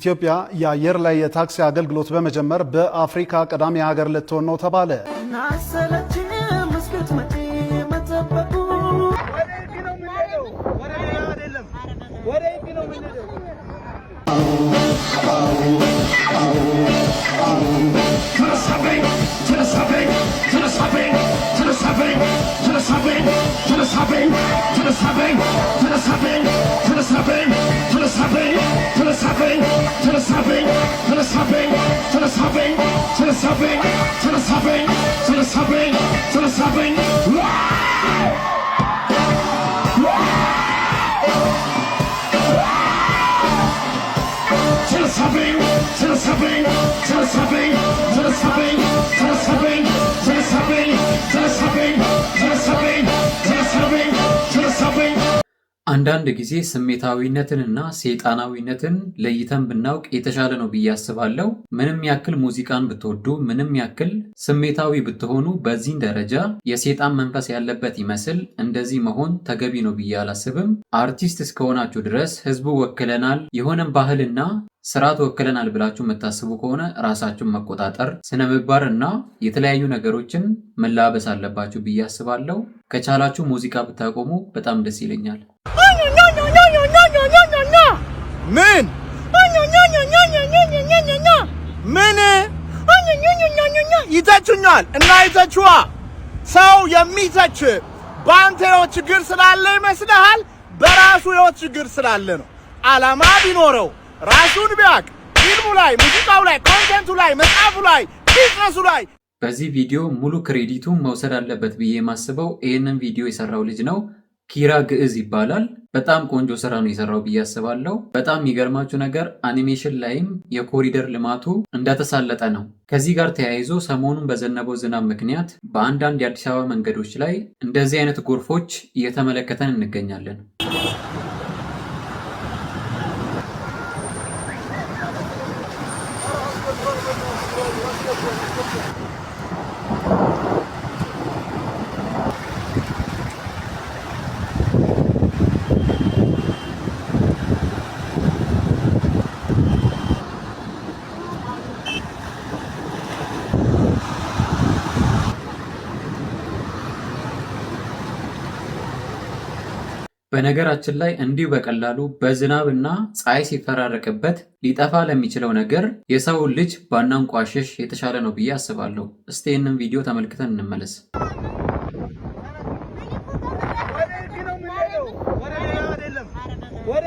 ኢትዮጵያ የአየር ላይ የታክሲ አገልግሎት በመጀመር በአፍሪካ ቀዳሚ ሀገር ልትሆን ነው ተባለ። ወደ the subbing, to the subbing, to the subbing, to the subbing, to the subbing, to the subbing. To the subbing, to the subbing, to the subbing, to the subbing, to the subbing. አንዳንድ ጊዜ ስሜታዊነትንና ሰይጣናዊነትን ለይተን ብናውቅ የተሻለ ነው ብዬ አስባለሁ። ምንም ያክል ሙዚቃን ብትወዱ፣ ምንም ያክል ስሜታዊ ብትሆኑ፣ በዚህን ደረጃ የሰይጣን መንፈስ ያለበት ይመስል እንደዚህ መሆን ተገቢ ነው ብዬ አላስብም። አርቲስት እስከሆናችሁ ድረስ ህዝቡ ወክለናል፣ የሆነም ባህልና ስራ ተወክለናል ብላችሁ የምታስቡ ከሆነ ራሳችሁን መቆጣጠር ስነ ምግባር እና የተለያዩ ነገሮችን መላበስ አለባችሁ ብዬ አስባለሁ። ከቻላችሁ ሙዚቃ ብታቆሙ በጣም ደስ ይለኛል። ምን ምን እና ይተችዋ ሰው የሚተች በአንተ ህይወት ችግር ስላለ ይመስልሃል? በራሱ ህይወት ችግር ስላለ ነው። አላማ ቢኖረው ራሱን ቢያቅ ፊልሙ ላይ፣ ሙዚቃው ላይ፣ ኮንቴንቱ ላይ፣ መጽሐፉ ላይ፣ ቢዝነሱ ላይ በዚህ ቪዲዮ ሙሉ ክሬዲቱ መውሰድ አለበት ብዬ የማስበው ይህንን ቪዲዮ የሰራው ልጅ ነው። ኪራ ግዕዝ ይባላል። በጣም ቆንጆ ስራ ነው የሰራው ብዬ አስባለሁ። በጣም የሚገርማችሁ ነገር አኒሜሽን ላይም የኮሪደር ልማቱ እንደተሳለጠ ነው። ከዚህ ጋር ተያይዞ ሰሞኑን በዘነበው ዝናብ ምክንያት በአንዳንድ የአዲስ አበባ መንገዶች ላይ እንደዚህ አይነት ጎርፎች እየተመለከተን እንገኛለን። በነገራችን ላይ እንዲሁ በቀላሉ በዝናብና ፀሐይ ሲፈራረቅበት ሊጠፋ ለሚችለው ነገር የሰው ልጅ ባናንቋሽሽ የተሻለ ነው ብዬ አስባለሁ። እስቲ ይህንን ቪዲዮ ተመልክተን እንመለስ። ወደ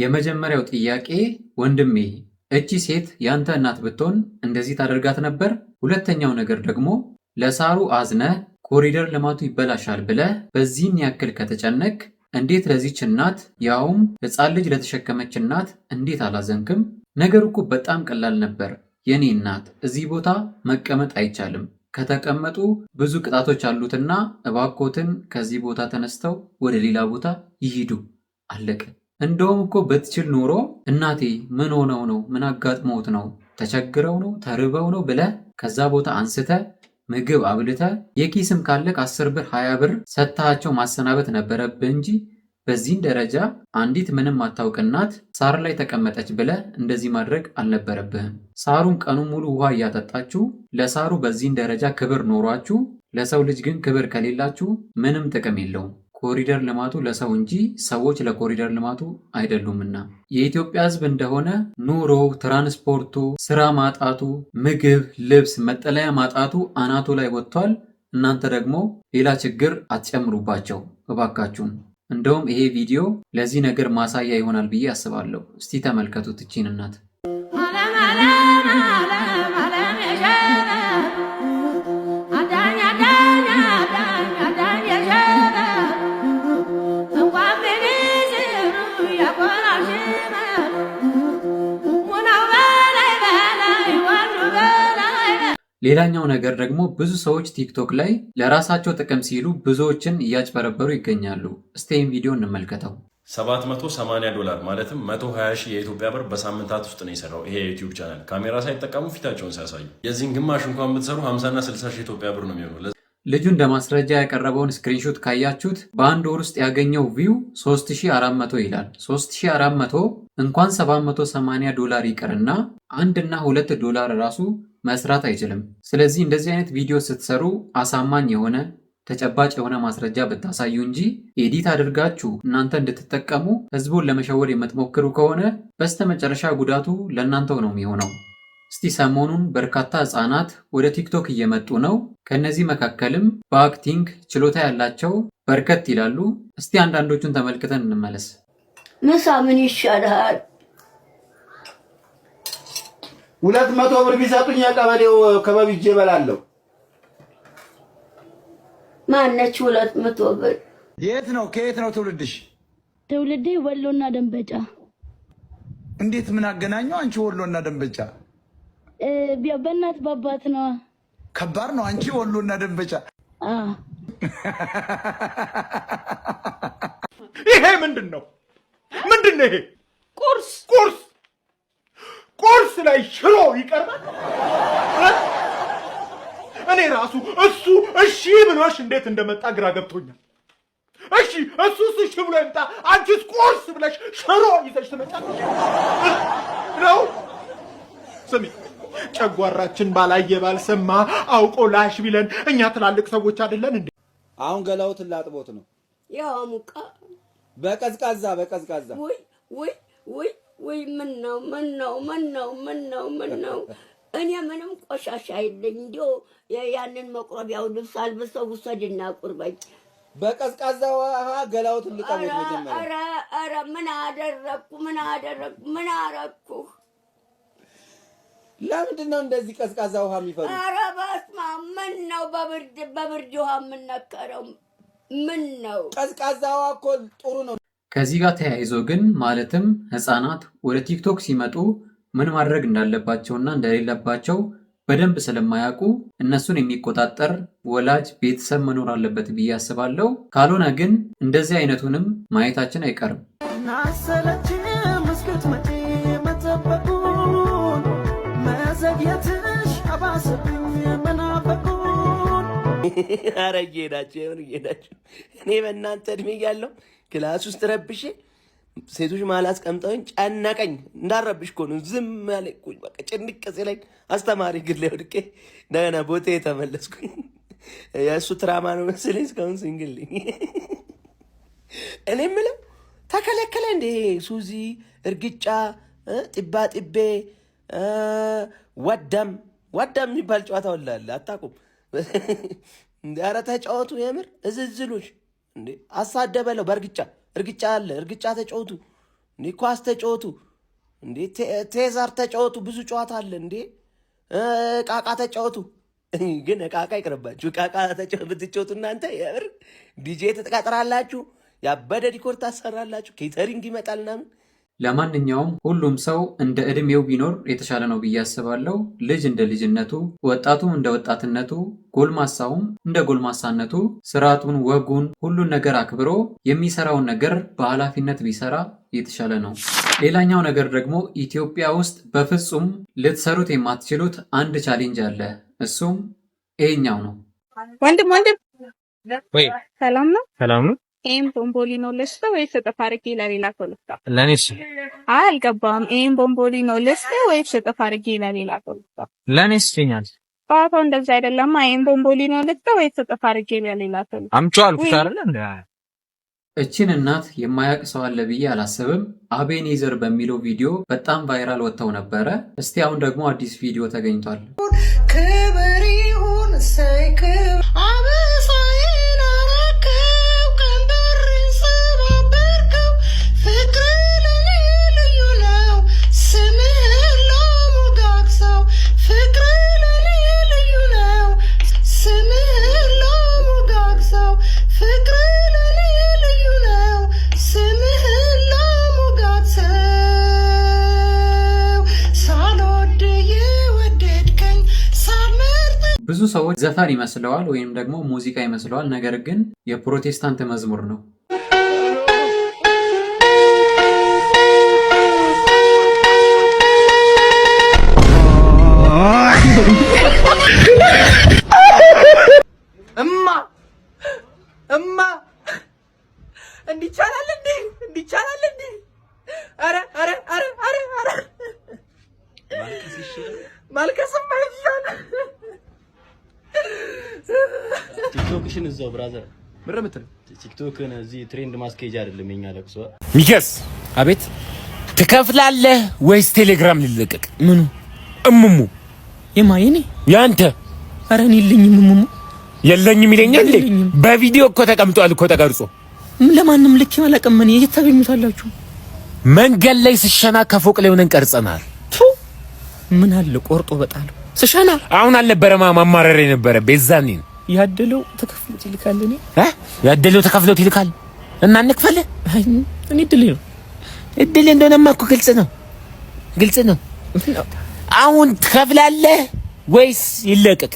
የመጀመሪያው ጥያቄ ወንድሜ እቺ ሴት ያንተ እናት ብትሆን እንደዚህ ታደርጋት ነበር? ሁለተኛው ነገር ደግሞ ለሳሩ አዝነ ኮሪደር ልማቱ ይበላሻል ብለህ በዚህን ያክል ከተጨነቅ እንዴት ለዚች እናት ያውም ሕፃን ልጅ ለተሸከመች እናት እንዴት አላዘንክም? ነገሩ እኮ በጣም ቀላል ነበር። የኔ እናት እዚህ ቦታ መቀመጥ አይቻልም፣ ከተቀመጡ ብዙ ቅጣቶች አሉትና እባኮትን ከዚህ ቦታ ተነስተው ወደ ሌላ ቦታ ይሂዱ። አለቀ። እንደውም እኮ በትችል ኖሮ እናቴ ምን ሆነው ነው? ምን አጋጥሞት ነው? ተቸግረው ነው? ተርበው ነው? ብለ ከዛ ቦታ አንስተ ምግብ አብልተ የኪስም ካለቅ አስር ብር ሀያ ብር ሰጥታቸው ማሰናበት ነበረብህ እንጂ በዚህን ደረጃ አንዲት ምንም አታውቅ እናት ሳር ላይ ተቀመጠች ብለ እንደዚህ ማድረግ አልነበረብህም። ሳሩን ቀኑን ሙሉ ውሃ እያጠጣችሁ ለሳሩ በዚህን ደረጃ ክብር ኖሯችሁ ለሰው ልጅ ግን ክብር ከሌላችሁ ምንም ጥቅም የለውም። ኮሪደር ልማቱ ለሰው እንጂ ሰዎች ለኮሪደር ልማቱ አይደሉምና የኢትዮጵያ ሕዝብ እንደሆነ ኑሮው፣ ትራንስፖርቱ፣ ስራ ማጣቱ፣ ምግብ፣ ልብስ፣ መጠለያ ማጣቱ አናቱ ላይ ወጥቷል። እናንተ ደግሞ ሌላ ችግር አትጨምሩባቸው እባካችሁም። እንደውም ይሄ ቪዲዮ ለዚህ ነገር ማሳያ ይሆናል ብዬ አስባለሁ። እስቲ ተመልከቱት ይህችን እናት። ሌላኛው ነገር ደግሞ ብዙ ሰዎች ቲክቶክ ላይ ለራሳቸው ጥቅም ሲሉ ብዙዎችን እያጭበረበሩ ይገኛሉ። እስቴም ቪዲዮ እንመልከተው። 780 ዶላር ማለትም 120 ሺህ የኢትዮጵያ ብር በሳምንታት ውስጥ ነው የሰራው ይሄ የዩቲዩብ ቻናል ካሜራ ሳይጠቀሙ ፊታቸውን ሳያሳዩ። የዚህን ግማሽ እንኳን ብትሰሩ 50ና 60 ሺህ ኢትዮጵያ ብር ነው የሚሆነው። ልጁ እንደ ማስረጃ ያቀረበውን ስክሪንሾት ካያችሁት በአንድ ወር ውስጥ ያገኘው ቪው 3400 ይላል። 3400 እንኳን 780 ዶላር ይቅርና አንድና ሁለት ዶላር ራሱ መስራት አይችልም። ስለዚህ እንደዚህ አይነት ቪዲዮ ስትሰሩ አሳማኝ የሆነ ተጨባጭ የሆነ ማስረጃ ብታሳዩ እንጂ ኤዲት አድርጋችሁ እናንተ እንድትጠቀሙ ህዝቡን ለመሸወድ የምትሞክሩ ከሆነ በስተመጨረሻ ጉዳቱ ለእናንተው ነው የሚሆነው። እስቲ ሰሞኑን በርካታ ህጻናት ወደ ቲክቶክ እየመጡ ነው። ከእነዚህ መካከልም በአክቲንግ ችሎታ ያላቸው በርከት ይላሉ። እስቲ አንዳንዶቹን ተመልክተን እንመለስ። ምሳ ምን ይሻልሃል? ሁለት መቶ ብር ቢሰጡኝ የቀበሌው ከበብ ሂጅ እበላለሁ። ማነች ሁለት መቶ ብር? የት ነው ከየት ነው ትውልድሽ? ትውልዴ ወሎና ደንበጫ። እንዴት ምን አገናኘው አንቺ ወሎና ደንበጫ? በእናት በአባት ነዋ። ከባድ ነው አንቺ ወሎና ደንበጫ። ይሄ ምንድን ነው ምንድን ነው ይሄ? ቁርስ ቁርስ ቁርስ ላይ ሽሮ ይቀርባል። እኔ ራሱ እሱ እሺ ብሎሽ እንዴት እንደመጣ ግራ ገብቶኛል። እሺ እሱስ እሺ ብሎ ይምጣ፣ አንቺስ ቁርስ ብለሽ ሽሮ ይዘሽ ትመጫለሽ ነው። ስሚ ጨጓራችን ባላየ ባልሰማ አውቆ ላሽ ቢለን እኛ ትላልቅ ሰዎች አይደለን እንዴ? አሁን ገላውትን ላጥቦት ነው። ያው ሙቃ በቀዝቃዛ በቀዝቃዛ ወይ ወይ ወይ ወይ ምን ነው ምን ነው ምን ነው ምን ነው ምን ነው? እኔ ምንም ቆሻሻ የለኝ። እንዲሁ ያንን መቆቢያው ልብስ አልብሰው ውሰድና ቁርበኝ። በቀዝቃዛ ውሃ ገላውት ልጣሞት መጀመሪያ። ኧረ ምን አደረግኩ? ምን አደረግኩ? ምን አረግኩ? ለምንድን ነው እንደዚህ ቀዝቃዛ ውሃ የሚፈሩ? ኧረ በስመ አብ! ምን ነው በብርድ በብርድ ውሃ የምነከረው? ምን ነው ቀዝቃዛ ውሃ እኮ ጥሩ ነው። ከዚህ ጋር ተያይዞ ግን ማለትም ህፃናት ወደ ቲክቶክ ሲመጡ ምን ማድረግ እንዳለባቸውና እንደሌለባቸው በደንብ ስለማያውቁ እነሱን የሚቆጣጠር ወላጅ ቤተሰብ መኖር አለበት ብዬ አስባለሁ። ካልሆነ ግን እንደዚህ አይነቱንም ማየታችን አይቀርም። ኧረ እየሄዳችሁ እኔ በእናንተ እድሜ ያለው ክላስ ውስጥ ረብሼ ሴቶች ማል አስቀምጠውኝ ጨነቀኝ። እንዳረብሽ እኮ ነው ዝም ያለኝ። በቃ ጭንቅ ሲለኝ አስተማሪ ግን ላይ ወድቄ እንደገና ቦታ የተመለስኩኝ። የእሱ ትራማ ነው መሰለኝ እስካሁን ሲንግል እኔ የምለው ተከለከለ እንዴ? ሱዚ እርግጫ፣ ጥባ ጥቤ፣ ወደም ወደም የሚባል ጨዋታ ወላለ አታውቁም? ኧረ ተጫወቱ የምር እዝዝሎች አሳደበለው በእርግጫ እርግጫ አለ። እርግጫ ተጫወቱ እንዴ፣ ኳስ ተጫወቱ እንዴ፣ ቴዛር ተጫወቱ። ብዙ ጨዋታ አለ እንዴ፣ እቃቃ ተጫወቱ። ግን ቃቃ ይቅርባችሁ። ቃቃ ብትጫወቱ እናንተ ዲጄ ትቀጥራላችሁ፣ ያበደ ዲኮር ታሰራላችሁ፣ ኬተሪንግ ይመጣል ምናምን ለማንኛውም ሁሉም ሰው እንደ ዕድሜው ቢኖር የተሻለ ነው ብዬ አስባለሁ። ልጅ እንደ ልጅነቱ፣ ወጣቱም እንደ ወጣትነቱ፣ ጎልማሳውም እንደ ጎልማሳነቱ ስርዓቱን፣ ወጉን፣ ሁሉን ነገር አክብሮ የሚሰራውን ነገር በኃላፊነት ቢሰራ የተሻለ ነው። ሌላኛው ነገር ደግሞ ኢትዮጵያ ውስጥ በፍጹም ልትሰሩት የማትችሉት አንድ ቻሌንጅ አለ። እሱም ይሄኛው ነው። ወንድም ወንድም፣ ሰላም ነው፣ ሰላም ነው ይህም ቦምቦሊኖ ልስጥ ወይስ እጥፍ አድርጌ ለሌላ ሰው ልስጣ? ለእኔ አልገባም። ይህም ቦምቦሊኖ ልስጥ ወይስ እጥፍ አድርጌ ለሌላ ሰው ልስጣ? ለእኔ ስጭኛል። ጨዋታው እንደዛ አይደለማ። ይህም ቦምቦሊኖ ልስጥ ወይስ እጥፍ አድርጌ ለሌላ ሰው ልስጣ? አምጪው አልኩሽ አይደለ እንደ እቺን እናት የማያውቅ ሰው አለ ብዬ አላስብም። አቤኔዘር በሚለው ቪዲዮ በጣም ቫይራል ወጥተው ነበረ። እስቲ አሁን ደግሞ አዲስ ቪዲዮ ተገኝቷል። ክብር ይሁን ሳይክብ ሰዎች ዘፈን ይመስለዋል ወይም ደግሞ ሙዚቃ ይመስለዋል፣ ነገር ግን የፕሮቴስታንት መዝሙር ነው። ብራዘር ምር የምትለው ቲክቶክን እዚህ ትሬንድ ማስኬጅ አይደለም የኛ ለቅሶ። ሚኬስ አቤት ትከፍላለህ ወይስ ቴሌግራም ሊለቀቅ ምኑ እሙሙ የማይኔ ያንተ ኧረ እኔ የለኝም እሙሙ የለኝም ይለኛል። በቪዲዮ እኮ ተቀምጧል እኮ ተቀርጾ ለማንም ልክ አላውቅም። እኔ እየታገኙታላችሁ መንገድ ላይ ስሸና ከፎቅ ላይ ሆነን ቀርጸናል። ምን አለ ቆርጦ በጣም ስሸና አሁን አልነበረማ ማማረር የነበረ ቤዛኔን ያደለው ተከፍሎት ይልካል። እኔ ያደለው ተከፍሎት ይልካል እና እንክፈል። እኔ እድሌ ነው እድሌ እንደሆነማ እኮ ግልጽ ነው ግልጽ ነው። አሁን ትከፍላለህ ወይስ ይለቀቅ?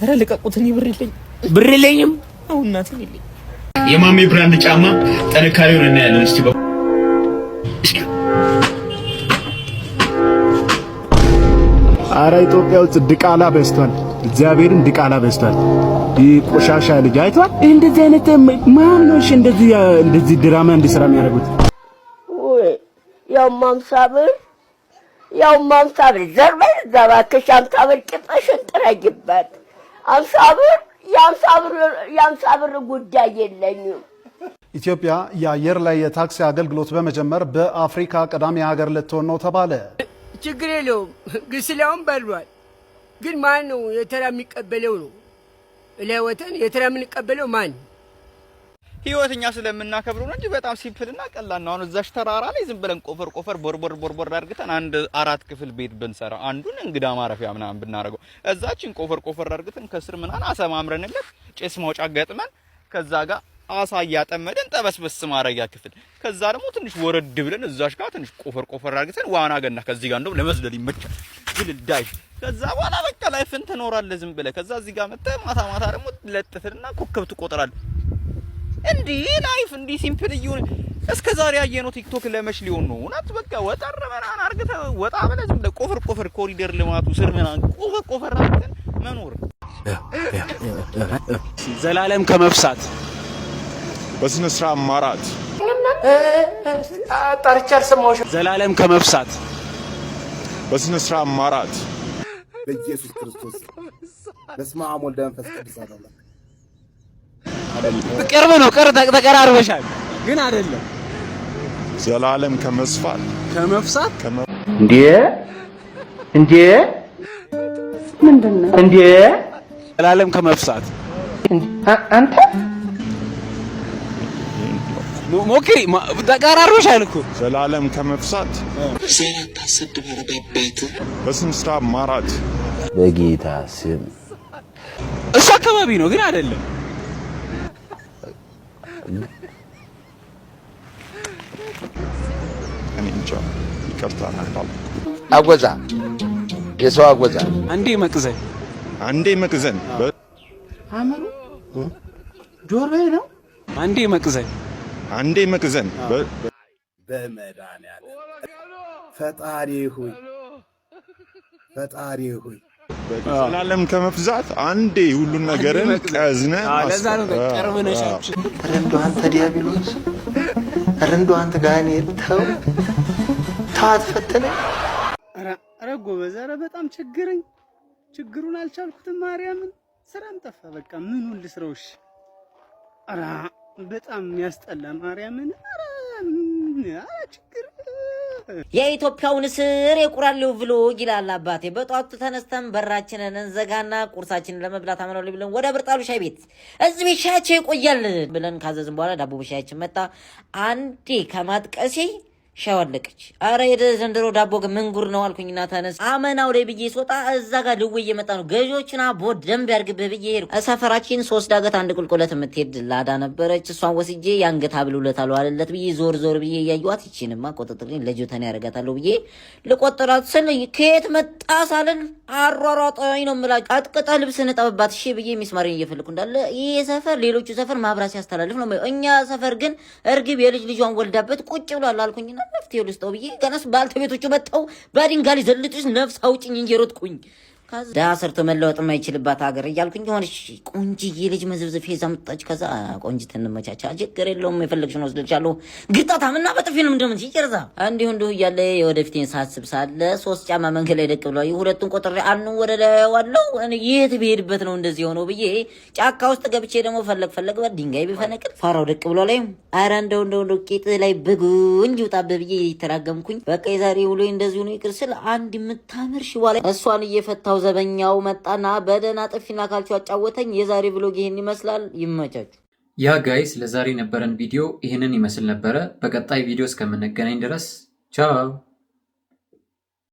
ኧረ ልቀቁት። እኔ ብር የለኝም ብር የለኝም። አሁን እናቴ የለኝም። የማሜ ብራንድ ጫማ ጥንካሬውን እናያለን። እስቲ አረ ኢትዮጵያ ውስጥ ድቃላ በዝቷል። እግዚአብሔርን ድቃላ በዝቷል። ቆሻሻ ልጅ አይቷል። እንደዚህ አይነት ማን ነው? እሺ እንደዚህ እንደዚህ ድራማ እንዲሰራ የሚያደርጉት ያው ሃምሳ ብር ያው ሃምሳ ብር ዘር በይ እዛ እባክሽ፣ ሃምሳ ብር ጥረጊበት። ሃምሳ ብር ጉዳይ የለኝም። ኢትዮጵያ የአየር ላይ የታክሲ አገልግሎት በመጀመር በአፍሪካ ቀዳሚ ሀገር ልትሆን ነው ተባለ። ችግር የለውም ግስላውን በሏል። ግን ማን ነው የተራ የሚቀበለው? ነው ለወተን የተራ የምንቀበለው ማን? ህይወት እኛ ስለምናከብረው ነው እንጂ በጣም ሲምፕልና ቀላል ነው። አሁን እዛሽ ተራራ ላይ ዝም ብለን ቆፈር ቆፈር ቦርቦር ቦርቦር አድርገን አንድ አራት ክፍል ቤት ብንሰራ አንዱን እንግዳ ማረፊያ ምናምን ብናደርገው እዛችን ቆፈር ቆፈር አድርገን ከስር ምናን አሰማምረንለት ጭስ ማውጫ ገጥመን ከዛ ጋር አሳ እያጠመደን ጠበስበስ ማረጊያ ክፍል ከዛ ደግሞ ትንሽ ወረድ ብለን እዛሽ ጋር ትንሽ ቆፈር ቆፈር አድርገን ዋና ገና ከዚህ ጋር እንደውም ለመዝለል ይመቻል። ጅል ልዳሽ ከዛ በኋላ በቃ ላይፍን ትኖራለህ ዝም ብለህ። ከዛ እዚህ ጋር መጥተህ ማታ ማታ ደግሞ ለጥፍና ኮከብ ትቆጥራለህ። እንዲህ ላይፍ እንዲህ ሲምፕል እየሆነ እስከ ዛሬ ያየነው ቲክቶክ ለመች ሊሆን ነው እውነት። በቃ ወጠር ምናምን አርግተህ ወጣ ብለህ ዝም ብለህ ቆፍር ቆፍር ኮሪደር ልማቱ ስር ምናምን ቆፈር ቆፍር አርግተህ መኖር ዘላለም ከመፍሳት በስነ ስርዓት ማራት ዘላለም ከመፍሳት በስነ ስርዓት ማራት በኢየሱስ ክርስቶስ በስመ አብ ወልድ መንፈስ ቅዱስ አለ። ቅርብ ነው፣ ቅርብ ተቀራርበሻል፣ ግን አይደለም ዘላለም ከመስፋት ከመፍሳት እንዴ እንዴ ምንድን እንዴ ዘላለም ከመፍሳት አንተ ሞኬ ተቀራርበሻል እኮ ዘላለም ከመፍሳት ዜናን ታሰድብ በስም ስራ ማራት በጌታ ስም እሱ አካባቢ ነው ግን አይደለም። አጎዛ የሰው አጎዛ አንዴ መቅዘን አንዴ መቅዘን አመሩ ጆሮዬ ነው አንዴ መቅዘን አንዴ መቅዘን በመድኃኒዓለም ፈጣሪ ሆይ ፈጣሪ ሆይ ስላለም ከመፍዛት አንዴ ሁሉን ነገርን ቀዝነ ረንዶ አንተ ዲያብሎስ ረንዶ አንተ ጋኔል ተው ኧረ ጎበዝ ኧረ በጣም ችግረኝ ችግሩን አልቻልኩትም ማርያምን ስራም ጠፋ በቃ ምኑን ልስረውሽ ኧረ በጣም የሚያስጠላ ማርያምን። የኢትዮጵያውን ስር የቁራሌው ብሎ ይላል አባቴ። በጧቱ ተነስተን በራችንን እንዘጋና ቁርሳችንን ለመብላት አመናሉ ብለን ወደ ብርጣሉ ሻይ ቤት እዚህ ቤት ሻያቸው ይቆያል ብለን ካዘዝን በኋላ ዳቦ በሻያችን መጣ። አንዴ ከማጥቀሴ ሻዋለቀች አረ የዘንድሮ ዳቦ ግን ምንጉር ነው አልኩኝ። እና ተነስ አመናው ላይ ብዬ ስወጣ እዛ ጋር ልዌ እየመጣ ነው። ገዢዎችን አቦ ደንብ ያርግብህ ብዬ ሄድኩ። ሰፈራችን ሶስት ዳገት አንድ ቁልቁለት የምትሄድ ላዳ ነበረች። እሷን ወስጄ የአንገት ሀብል ውለት አልዋለለት ብዬ ዞር ዞር ብዬ እያየኋት ይቺንማ ቆጥጥሬ ለጆተን ያደርጋታለሁ ብዬ ልቆጥራት ስል ከየት መጣ ሳልን አሯሯጠኝ ነው ምላ ቀጥቅጠ ልብስ ንጠብባት እሺ ብዬ ሚስማሪን እየፈልኩ እንዳለ ይህ ሰፈር ሌሎቹ ሰፈር ማብራት ሲያስተላልፍ ነው። እኛ ሰፈር ግን እርግብ የልጅ ልጇን ወልዳበት ቁጭ ብሏል አልኩኝና መፍትሄ ልስጠው ብዬ ገና ባልተቤቶቹ መጥተው በድንጋይ ሊዘልጡኝ ነፍስ አውጭኝ እንጂ ዳስርቶ መለወጥ የማይችልባት ሀገር እያልኩኝ የሆነች ቆንጅዬ ልጅ መዝብዝፍ ይዛ መጣች። ከዛ ቆንጅት እንመቻቻ ችግር የለውም የፈለግሽን ወስድልሻለሁ። ግጣታም እና በጥፊንም ደም ሲጨርሳ እንዲሁ እንዲሁ እያለ የወደፊቴን ሳስብ ሳለ ሶስት ጫማ መንገድ ላይ ደቅ ብሏ ሁለቱን ቆጥሬ አኑ ወደ ላይዋለው የት ብሄድበት ነው እንደዚህ የሆነው ብዬ ጫካ ውስጥ ገብቼ ደግሞ ፈለግ ፈለግ ድንጋይ ቢፈነቅል ፋራው ደቅ ብሏ ላይ አረ እንደው እንደው እንደው ቂጥ ላይ ብጉኝ ይውጣብህ ብዬ እየተራገምኩኝ በቃ የዛሬ ውሎ እንደዚሁ ነው ይቅር ስል አንድ የምታምር ሽዋ ላይ እሷን እየፈታሁ ዘበኛው መጣና በደህና ጥፊና ካልቸው አጫወተኝ። የዛሬ ብሎግ ይህን ይመስላል። ይመቻችሁ። ያ ጋይስ ለዛሬ የነበረን ቪዲዮ ይህንን ይመስል ነበረ። በቀጣይ ቪዲዮ እስከምንገናኝ ድረስ ቻው።